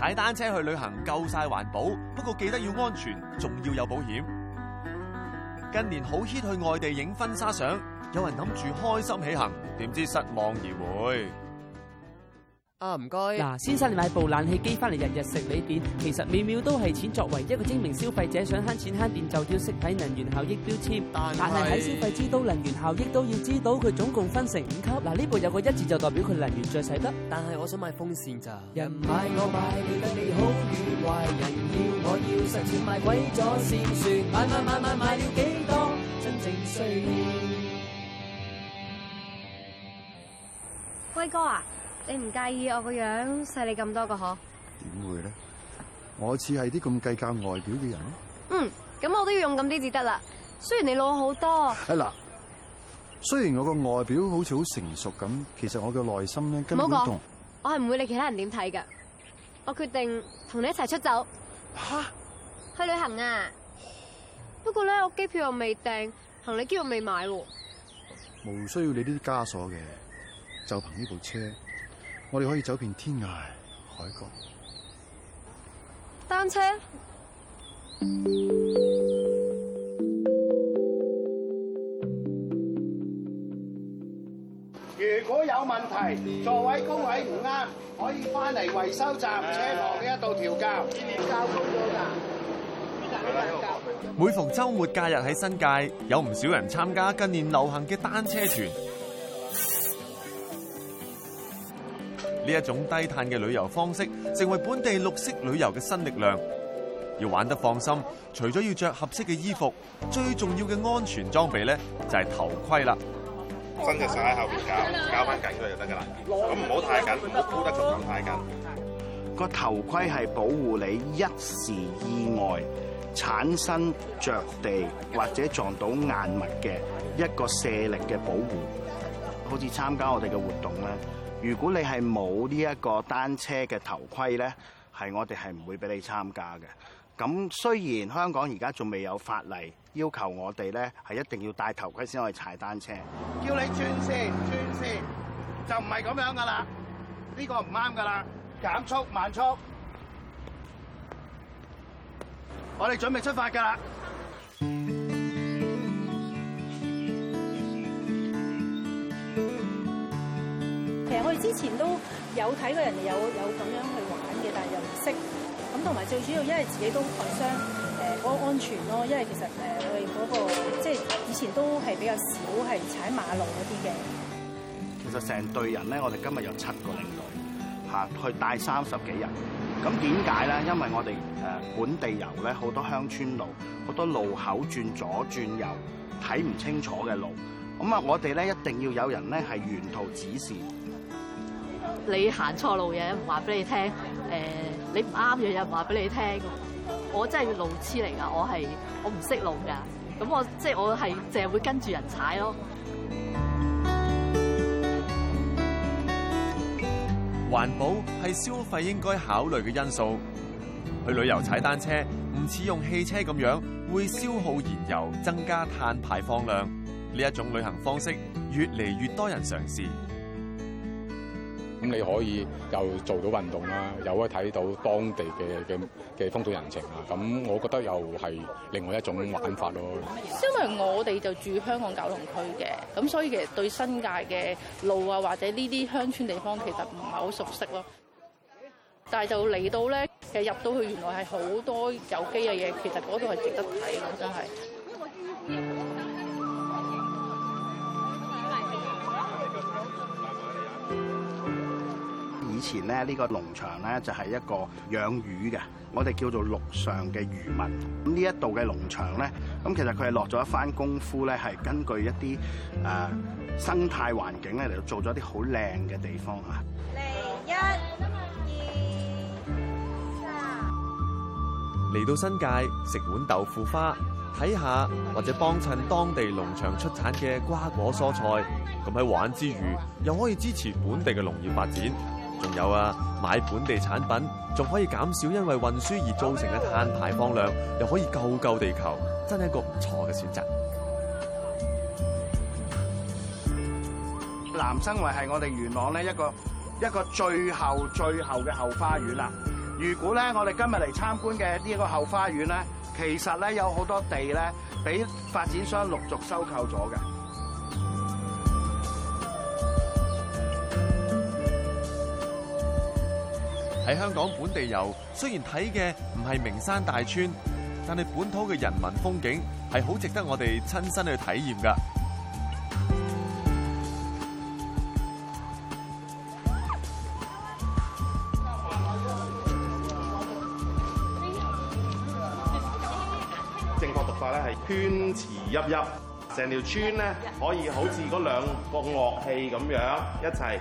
踩單車去旅行夠晒環保，不過記得要安全，仲要有保險。近年好 hit 去外地影婚紗相，有人諗住開心起行，點知失望而回。啊，唔該。嗱，先生，你買部冷氣機翻嚟日日食你電，其實每秒都係錢。作為一個精明消費者，想慳錢慳電就要識睇能源效益標籤。但係是喺消費之都，能源效益都要知道佢總共分成五級。嗱、啊，呢部有個一字就代表佢能源最細，但係我想買風扇咋？人買我買，理得你好與壞。人要我要，實錢買鬼咗先算。買買買買買，買了幾多真正需要？輝哥啊！你唔介意我個樣細你咁多個嗬？點會咧？我似係啲咁計較外表嘅人。嗯，咁我都要勇敢啲至得啦。雖然你老好多。係啦，雖然我個外表好似好成熟咁，其實我嘅內心咧根本唔動說。跟我係唔會理其他人點睇嘅。我決定同你一齊出走。吓、啊？去旅行啊？不過咧，我機票又未訂，行李箱又未買喎。冇需要你啲枷鎖嘅，就憑呢部車。我哋可以走遍天涯海角。單車如果有問題，座位高位唔啱，可以翻嚟維修站車房呢一度調校。每逢週末假日喺新界，有唔少人參加近年流行嘅單車團。呢一種低碳嘅旅遊方式，成為本地綠色旅遊嘅新力量。要玩得放心，除咗要着合適嘅衣服，最重要嘅安全裝備咧就係頭盔啦。真嘅，上喺後邊搞搞翻緊佢就得噶啦。咁唔好太緊，箍得就唔好太緊。個頭盔係保護你一時意外產生着地或者撞到硬物嘅一個卸力嘅保護。好似參加我哋嘅活動咧。如果你係冇呢一個單車嘅頭盔咧，係我哋係唔會俾你參加嘅。咁雖然香港而家仲未有法例要求我哋咧，係一定要戴頭盔先可以踩單車。叫你轉線，轉線就唔係咁樣噶啦，呢個唔啱噶啦，減速慢速，我哋準備出發噶啦。我哋之前都有睇過人哋有有咁樣去玩嘅，但係又唔識咁。同埋最主要，因為自己都愛商誒，好、呃那個、安全咯。因為其實誒，佢、呃、嗰、那個即係以前都係比較少係踩馬路嗰啲嘅。其實成隊人咧，我哋今日有七個領隊嚇，去帶三十幾人。咁點解咧？因為我哋誒本地遊咧，好多鄉村路，好多路口轉左轉右，睇唔清楚嘅路。咁啊，我哋咧一定要有人咧係沿途指示。你行錯路嘢唔話俾你聽，誒、呃、你唔啱嘅又唔話俾你聽。我真係路痴嚟噶，我係我唔識路噶。咁我即係、就是、我係淨係會跟住人踩咯。環保係消費應該考慮嘅因素。去旅遊踩單車，唔似用汽車咁樣會消耗燃油、增加碳排放量。呢一種旅行方式，越嚟越多人嘗試。咁你可以又做到運動啦，又可以睇到當地嘅嘅嘅風土人情啊！咁我覺得又係另外一種玩法咯。因為我哋就住香港九龍區嘅，咁所以其實對新界嘅路啊，或者呢啲鄉村地方其實唔係好熟悉咯。但係就嚟到咧，其實入到去原來係好多有機嘅嘢，其實嗰度係值得睇嘅，真係。嗯以前咧呢個農場咧就係一個養魚嘅，我哋叫做陸上嘅漁民。咁呢一度嘅農場咧，咁其實佢係落咗一番功夫咧，係根據一啲誒生態環境咧嚟做咗啲好靚嘅地方啊。嚟一、二、三，嚟到新界食碗豆腐花，睇下或者幫襯當地農場出產嘅瓜果蔬菜。咁喺玩之餘，好又可以支持本地嘅農業發展。仲有啊，買本地產品，仲可以減少因為運輸而造成嘅碳排放量，又可以救救地球，真係一個唔錯嘅選擇。南生圍係我哋元朗咧一個一個最後最後嘅後花園啦。如果咧我哋今日嚟參觀嘅呢個後花園咧，其實咧有好多地咧俾發展商陸續收購咗嘅。喺香港本地遊，雖然睇嘅唔係名山大川，但係本土嘅人民風景係好值得我哋親身去體驗㗎。正確讀法咧係圈彆鬱鬱，成條村咧可以好似嗰兩個樂器咁樣一齊，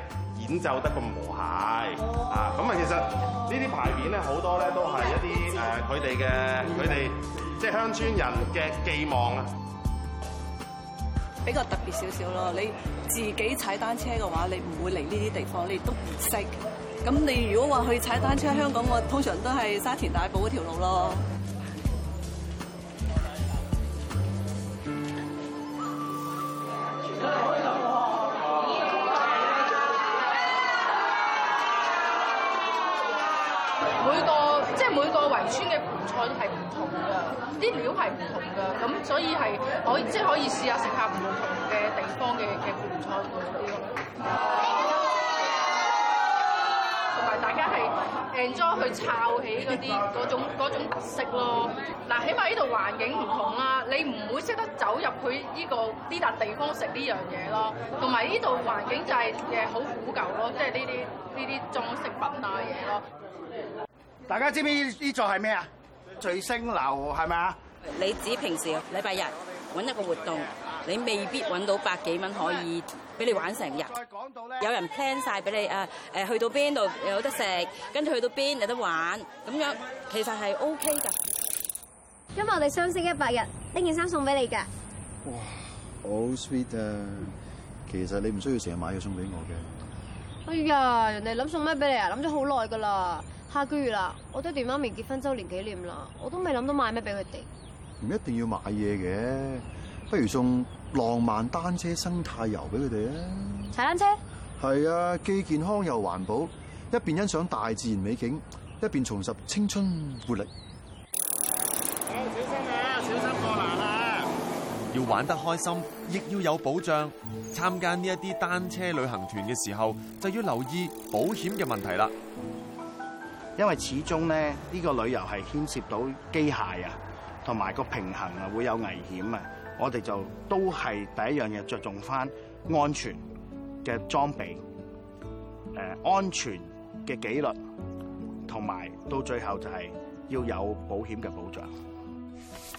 演奏得咁和諧啊！咁啊，其實呢啲牌匾咧，好多咧都係一啲誒佢哋嘅佢哋即係鄉村人嘅寄望啊，比較特別少少咯。你自己踩單車嘅話，你唔會嚟呢啲地方，你都唔識。咁你如果話去踩單車，香港我通常都係沙田大埔嗰條路咯。係唔同㗎，啲料係唔同㗎，咁所以係可以即係、就是、可以試下食下唔同嘅地方嘅嘅粵菜同埋 大家係嘆咗去摷起嗰啲嗰種嗰種特色咯。嗱，起碼呢度環境唔同啦，你唔會識得走入去呢、這個呢笪、這個、地方食呢樣嘢咯。同埋呢度環境就係誒好古舊咯，即係呢啲呢啲裝飾品啊嘢咯。大家知唔知呢座係咩啊？聚星樓係咪啊？你指平時啊，禮拜日揾一個活動，你未必揾到百幾蚊可以俾你玩成日。再講到咧，有人 plan 晒俾你啊，誒去到邊度有得食，跟住去到邊有得玩，咁樣其實係 OK 㗎。今日我哋相識一百日，呢件衫送俾你㗎。哇，好 sweet 啊！其實你唔需要成日買嘢送俾我嘅。哎呀，人哋諗送咩俾你啊？諗咗好耐㗎啦。下個月啦，我爹哋媽咪結婚周年紀念啦，我都未諗到買咩俾佢哋。唔一定要買嘢嘅，不如送浪漫單車生態遊俾佢哋啊！踩單車？係啊，既健康又環保，一邊欣賞大自然美景，一邊重拾青春活力。小心啊！小心過難啊！要玩得開心，亦要有保障。參加呢一啲單車旅行團嘅時候，就要留意保險嘅問題啦。因為始終咧，呢個旅遊係牽涉到機械啊，同埋個平衡啊，會有危險啊。我哋就都係第一樣嘢着重返安全嘅裝備，誒安全嘅紀律，同埋到最後就係要有保險嘅保障。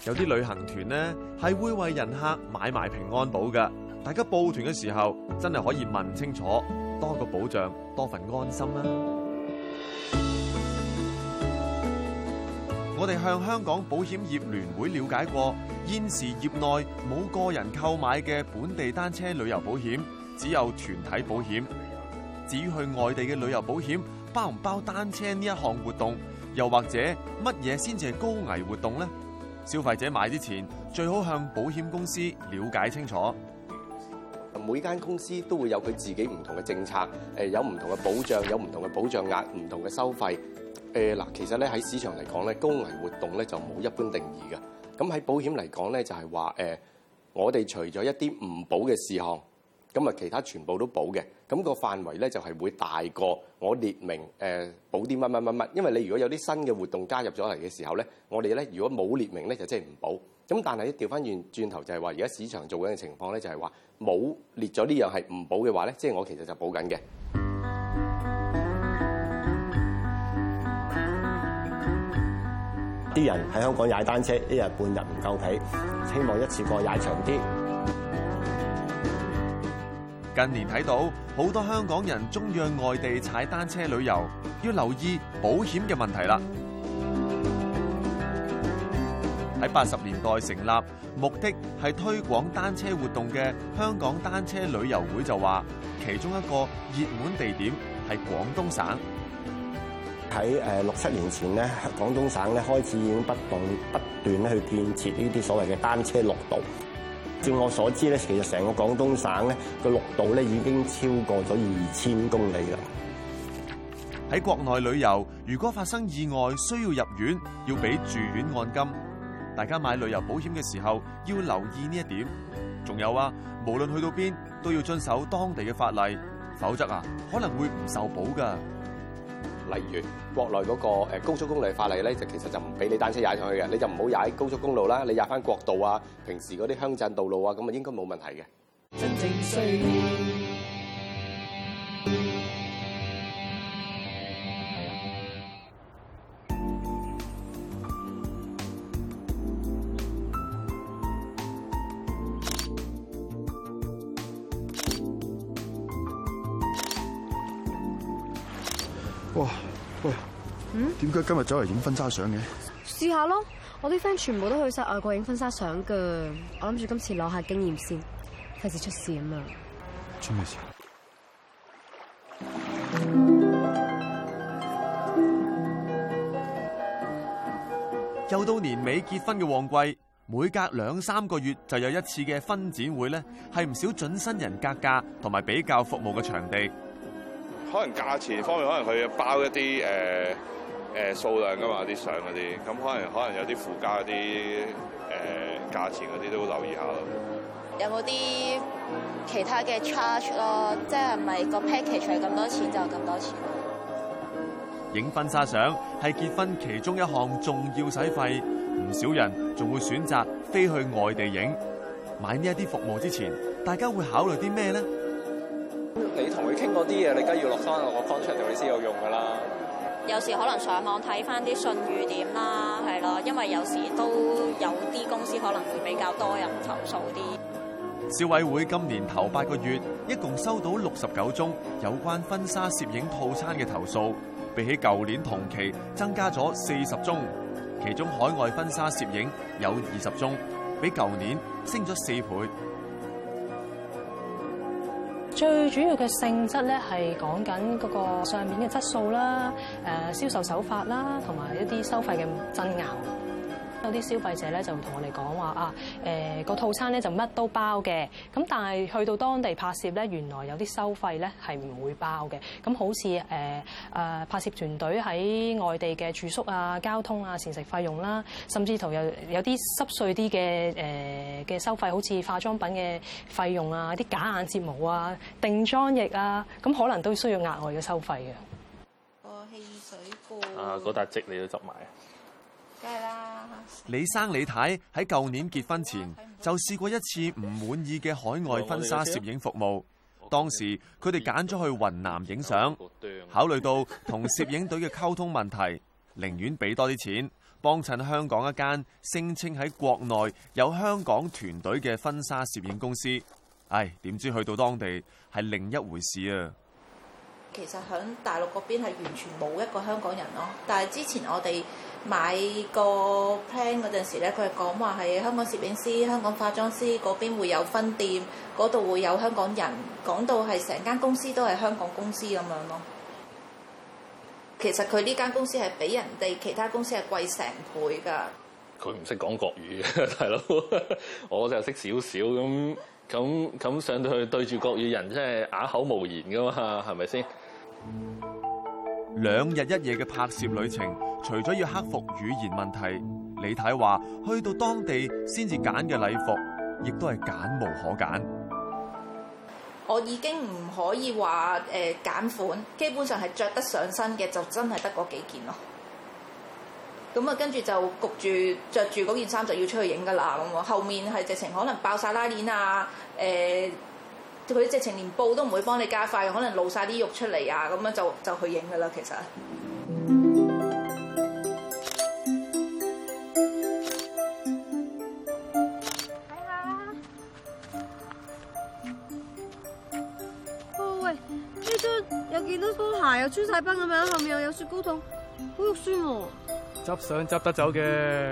有啲旅行團咧係會為人客買埋平安保㗎，大家報團嘅時候真係可以問清楚，多個保障，多份安心啦，啊。我哋向香港保險業聯會了解過，現時業內冇個人購買嘅本地單車旅遊保險，只有團體保險。至於去外地嘅旅遊保險，包唔包單車呢一項活動？又或者乜嘢先至係高危活動呢？消費者買之前最好向保險公司了解清楚。每間公司都會有佢自己唔同嘅政策，誒，有唔同嘅保障，有唔同嘅保障額，唔同嘅收費。誒嗱，其實咧喺市場嚟講咧，高危活動咧就冇一般定義嘅。咁喺保險嚟講咧，就係話誒，我哋除咗一啲唔保嘅事項，咁啊其他全部都保嘅。咁個範圍咧就係會大過我列明誒保啲乜乜乜乜。因為你如果有啲新嘅活動加入咗嚟嘅時候咧，我哋咧如果冇列明咧就即係唔保。咁但係一掉返轉頭就係話，而家市場做緊嘅情況咧就係話冇列咗呢樣係唔保嘅話咧，即係我其實就保緊嘅。啲人喺香港踩單車，一日半日唔夠皮，希望一次過踩長啲。近年睇到好多香港人鍾意外地踩單車旅遊，要留意保險嘅問題啦。喺八十年代成立，目的係推廣單車活動嘅香港單車旅遊會就話，其中一個熱門地點係廣東省。喺誒六七年前咧，廣東省咧開始已經不斷不斷咧去建設呢啲所謂嘅單車綠道。照我所知咧，其實成個廣東省咧個綠道咧已經超過咗二千公里啦。喺國內旅遊，如果發生意外需要入院，要俾住院按金。大家買旅遊保險嘅時候要留意呢一點。仲有啊，無論去到邊都要遵守當地嘅法例，否則啊可能會唔受保㗎。例如，國內嗰個誒高速公路的法例咧，就其實就唔俾你單車踩上去嘅。你就唔好踩高速公路啦，你踩翻國道啊，平時嗰啲鄉鎮道路啊，咁啊應該冇問題嘅。真正佢今日走嚟影婚紗相嘅，試下咯。我啲 friend 全部都去晒外國影婚紗相噶，我諗住今次攞下經驗先，費事出事啊嘛。出咩事？ 又到年尾結婚嘅旺季，每隔兩三個月就有一次嘅婚展會咧，係唔少準新人格價同埋比較服務嘅場地。可能價錢方面，可能佢包一啲誒。呃誒數量噶嘛，啲相嗰啲，咁可能可能有啲附加啲誒價錢嗰啲都留意下咯。有冇啲其他嘅 charge 咯？即係係咪個 package 係咁多錢就咁多錢？影婚紗相係結婚其中一項重要使費，唔少人仲會選擇飛去外地影。買呢一啲服務之前，大家會考慮啲咩咧？你同佢傾嗰啲嘢，你梗係要落翻個 contract 度，你先有用噶啦。有時可能上網睇翻啲信譽點啦，係咯，因為有時都有啲公司可能會比較多人投訴啲。消委會今年頭八個月，一共收到六十九宗有關婚紗攝影套餐嘅投訴，比起舊年同期增加咗四十宗，其中海外婚紗攝影有二十宗，比舊年升咗四倍。最主要嘅性質咧，係講緊嗰個上面嘅質素啦、誒銷售手法啦，同埋一啲收費嘅爭拗。有啲消費者咧就同我哋講話啊，誒、個套餐咧就乜都包嘅，咁但係去到當地拍攝咧，原來有啲收費咧係唔會包嘅，咁好似誒誒拍攝團隊喺外地嘅住宿啊、交通啊、膳食費用啦、啊，甚至乎有有啲濕碎啲嘅誒嘅收費，好似化妝品嘅費用啊、啲假眼睫毛啊、定妝液啊，咁、啊、可能都需要額外嘅收費嘅、啊。個、哦、汽水罐啊，嗰笪漬你都執埋啊！梗係啦！李生李太喺舊年結婚前就試過一次唔滿意嘅海外婚紗攝影服務。當時佢哋揀咗去雲南影相，考慮到同攝影隊嘅溝通問題，寧願俾多啲錢，幫襯香港一間聲稱喺國內有香港團隊嘅婚紗攝影公司。唉，點知去到當地係另一回事啊！其實響大陸嗰邊係完全冇一個香港人咯，但係之前我哋。買個 plan 嗰陣時咧，佢係講話係香港攝影師、香港化妝師嗰邊會有分店，嗰度會有香港人，講到係成間公司都係香港公司咁樣咯。其實佢呢間公司係比人哋其他公司係貴成倍㗎。佢唔識講國語，大佬，我就識少少咁，咁咁上到去對住國語人，真係啞口無言㗎嘛，係咪先？兩日一夜嘅拍攝旅程。除咗要克服語言問題，李太話去到當地先至揀嘅禮服，亦都係揀無可揀。我已經唔可以話誒揀款，基本上係着得上身嘅就真係得嗰幾件咯。咁啊，跟住就焗住着住嗰件衫就要出去影噶啦，咁我後面係直情可能爆晒拉鍊啊，誒、呃，佢直情連布都唔會幫你加快，可能露晒啲肉出嚟啊，咁樣就就去影噶啦，其實。穿晒冰咁樣，後面又有雪糕筒，好肉酸喎、啊。執相執得走嘅，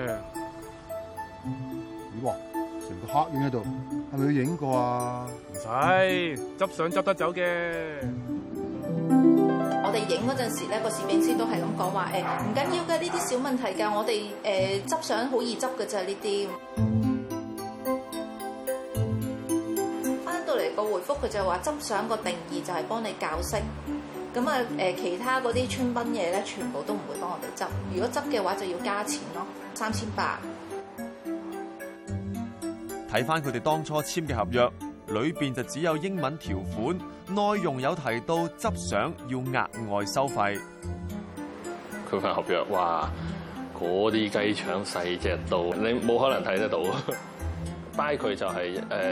咦、嗯？哇！成個黑影喺度，係咪要影過啊？唔使，執相執得走嘅。 我哋影嗰陣時咧，個攝影師都係咁講話，誒、嗯，唔緊、欸、要嘅，呢啲、嗯、小問題噶，我哋誒執相好易執嘅啫呢啲。翻到嚟個回覆佢就話執相個定義就係幫你較色。咁啊誒，其他嗰啲村賓嘢咧，全部都唔會幫我哋執。如果執嘅話，就要加錢咯，三千八。睇翻佢哋當初簽嘅合約裏邊，就只有英文條款，內容有提到執相要額外收費。佢份合約哇！嗰啲雞腸細隻到，你冇可能睇得到。拜佢就係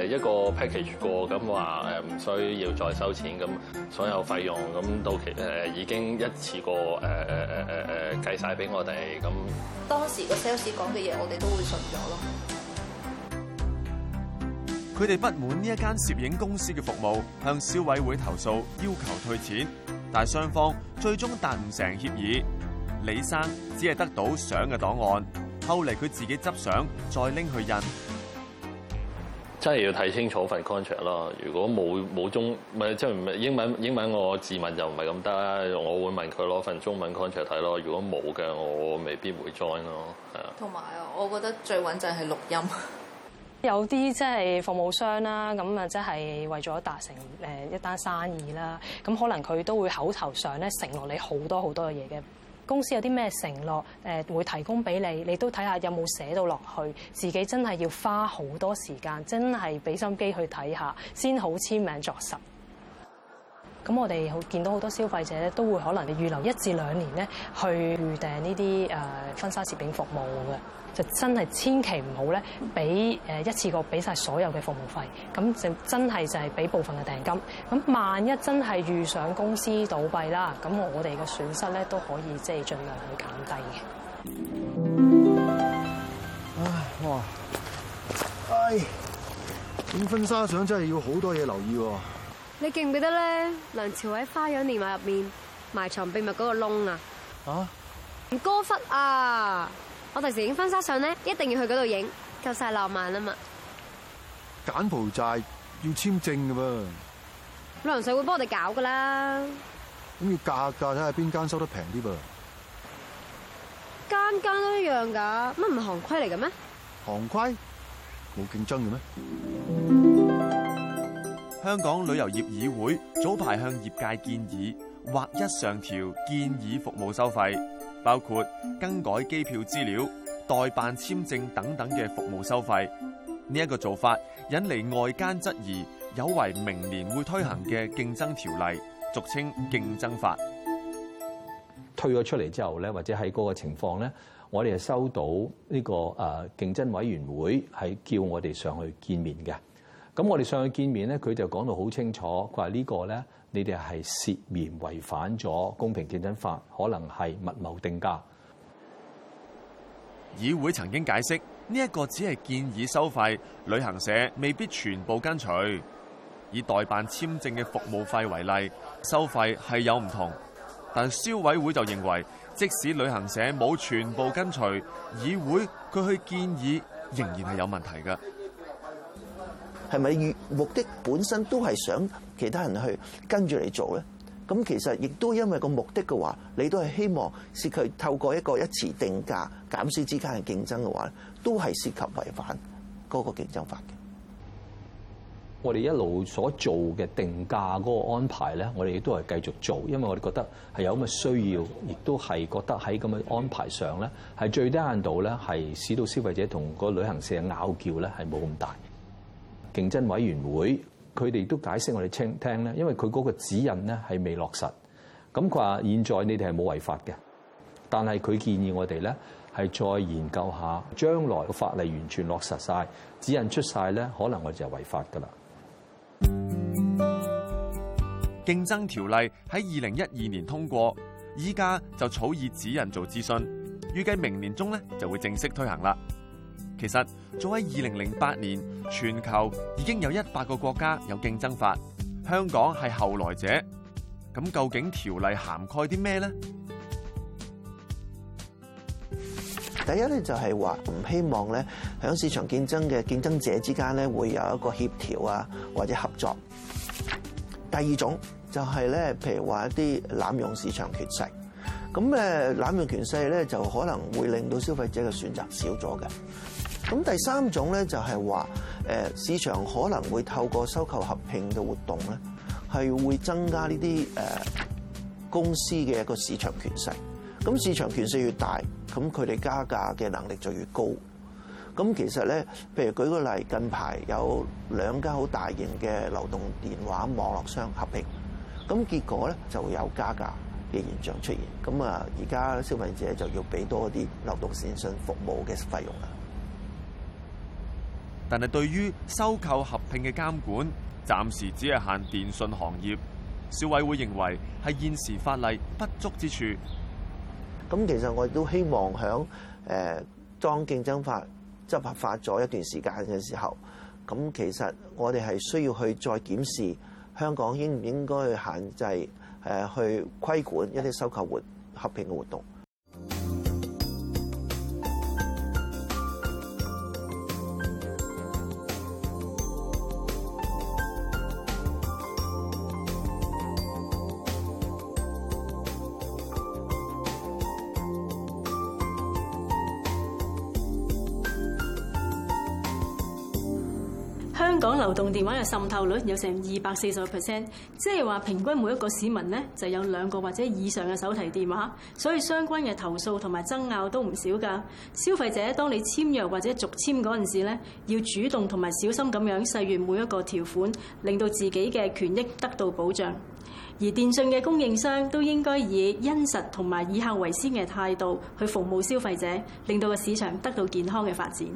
一個 package 過咁，話唔需要再收錢咁，所有費用咁到期誒已經一次過誒誒、呃呃呃、計晒俾我哋咁。當時個 sales 講嘅嘢，我哋都會信咗咯。佢哋不滿呢一間攝影公司嘅服務，向消委會投訴，要求退錢，但雙方最終達唔成協議。李生只係得到相嘅檔案，後嚟佢自己執相再拎去印。真係要睇清楚份 contract 咯。如果冇冇中咪即係英文英文，英文我自問就唔係咁得啦。我會問佢攞份中文 contract 睇咯。如果冇嘅，我未必會 join 咯。係啊，同埋啊，我覺得最穩就係錄音。有啲即係服務商啦，咁啊，即係為咗達成誒一單生意啦，咁可能佢都會口頭上咧承諾你好多好多嘅嘢嘅。公司有啲咩承諾誒會提供俾你，你都睇下有冇寫到落去。自己真係要花好多時間，真係俾心機去睇下，先好簽名作實。咁我哋好見到好多消費者咧，都會可能你預留一至兩年咧去預訂呢啲誒婚紗攝影服務嘅，就真係千祈唔好咧，俾誒一次過俾晒所有嘅服務費，咁就真係就係俾部分嘅訂金。咁萬一真係遇上公司倒閉啦，咁我哋嘅損失咧都可以即係盡量去減低嘅。唉，哇！唉，咁婚紗相真係要好多嘢留意喎。你記唔記得咧？梁朝偉花樣年華入面埋藏秘密嗰個窿啊！啊！吳哥窟啊！我第時影婚紗相咧，一定要去嗰度影，夠晒浪漫啊嘛！柬埔寨要簽證噶噃。旅行社會幫我哋搞噶啦。咁要格價睇下邊間收得平啲噃。間間都一樣噶，乜唔係行規嚟嘅咩？行規冇競爭嘅咩？香港旅遊業議會早排向業界建議，劃一上調建議服務收費，包括更改機票資料、代辦簽證等等嘅服務收費。呢一個做法引嚟外間質疑，有違明年會推行嘅競爭條例，俗稱競爭法。退咗出嚟之後咧，或者喺嗰個情況咧，我哋係收到呢個誒競爭委員會係叫我哋上去見面嘅。咁我哋上去見面呢，佢就講到好清楚，佢話呢個呢，你哋係涉嫌違反咗公平競爭法，可能係密謀定價。議會曾經解釋，呢、這、一個只係建議收費，旅行社未必全部跟隨。以代辦簽證嘅服務費為例，收費係有唔同，但消委會就認為，即使旅行社冇全部跟隨，議會佢去建議仍然係有問題嘅。係咪目的本身都係想其他人去跟住嚟做咧？咁其實亦都因為個目的嘅話，你都係希望涉及透過一個一次定價、減少之間嘅競爭嘅話，都係涉及違反嗰個競爭法嘅。我哋一路所做嘅定價嗰個安排咧，我哋亦都係繼續做，因為我哋覺得係有咁嘅需要，亦都係覺得喺咁嘅安排上咧，係最低限度咧，係使到消費者同個旅行社嘅拗撬咧係冇咁大。競爭委員會佢哋都解釋我哋聽聽咧，因為佢嗰個指引咧係未落實，咁佢話現在你哋係冇違法嘅，但係佢建議我哋咧係再研究下，將來個法例完全落實晒，指引出晒咧，可能我哋就係違法噶啦。競爭條例喺二零一二年通過，依家就草擬指引做諮詢，預計明年中咧就會正式推行啦。其實，早喺二零零八年，全球已經有一百個國家有競爭法，香港係後來者。咁究竟條例涵蓋啲咩呢？第一咧就係話唔希望咧，響市場競爭嘅競爭者之間咧會有一個協調啊，或者合作。第二種就係咧，譬如話一啲濫用市場權勢，咁誒濫用權勢咧就可能會令到消費者嘅選擇少咗嘅。咁第三種咧，就係話誒市場可能會透過收購合併嘅活動咧，係會增加呢啲誒公司嘅一個市場權勢。咁市場權勢越大，咁佢哋加價嘅能力就越高。咁其實咧，譬如舉個例，近排有兩間好大型嘅流動電話網絡商合併，咁結果咧就會有加價嘅現象出現。咁啊，而家消費者就要俾多啲流動線信服務嘅費用啦。但係對於收購合併嘅監管，暫時只係限電信行業，消委會認為係現時法例不足之處，咁其實，我亦都希望響誒當競爭法執法咗一段時間嘅時候，咁其實，我哋係需要去再檢視香港應唔應該限制誒去規管一啲收購或合併嘅活動。香港流動電話嘅滲透率有成二百四十個 percent，即係話平均每一個市民呢就有兩個或者以上嘅手提電話，所以相關嘅投訴同埋爭拗都唔少㗎。消費者當你簽約或者續簽嗰陣時呢，要主動同埋小心咁樣細閱每一個條款，令到自己嘅權益得到保障。而電訊嘅供應商都應該以殷實同埋以客為先嘅態度去服務消費者，令到個市場得到健康嘅發展。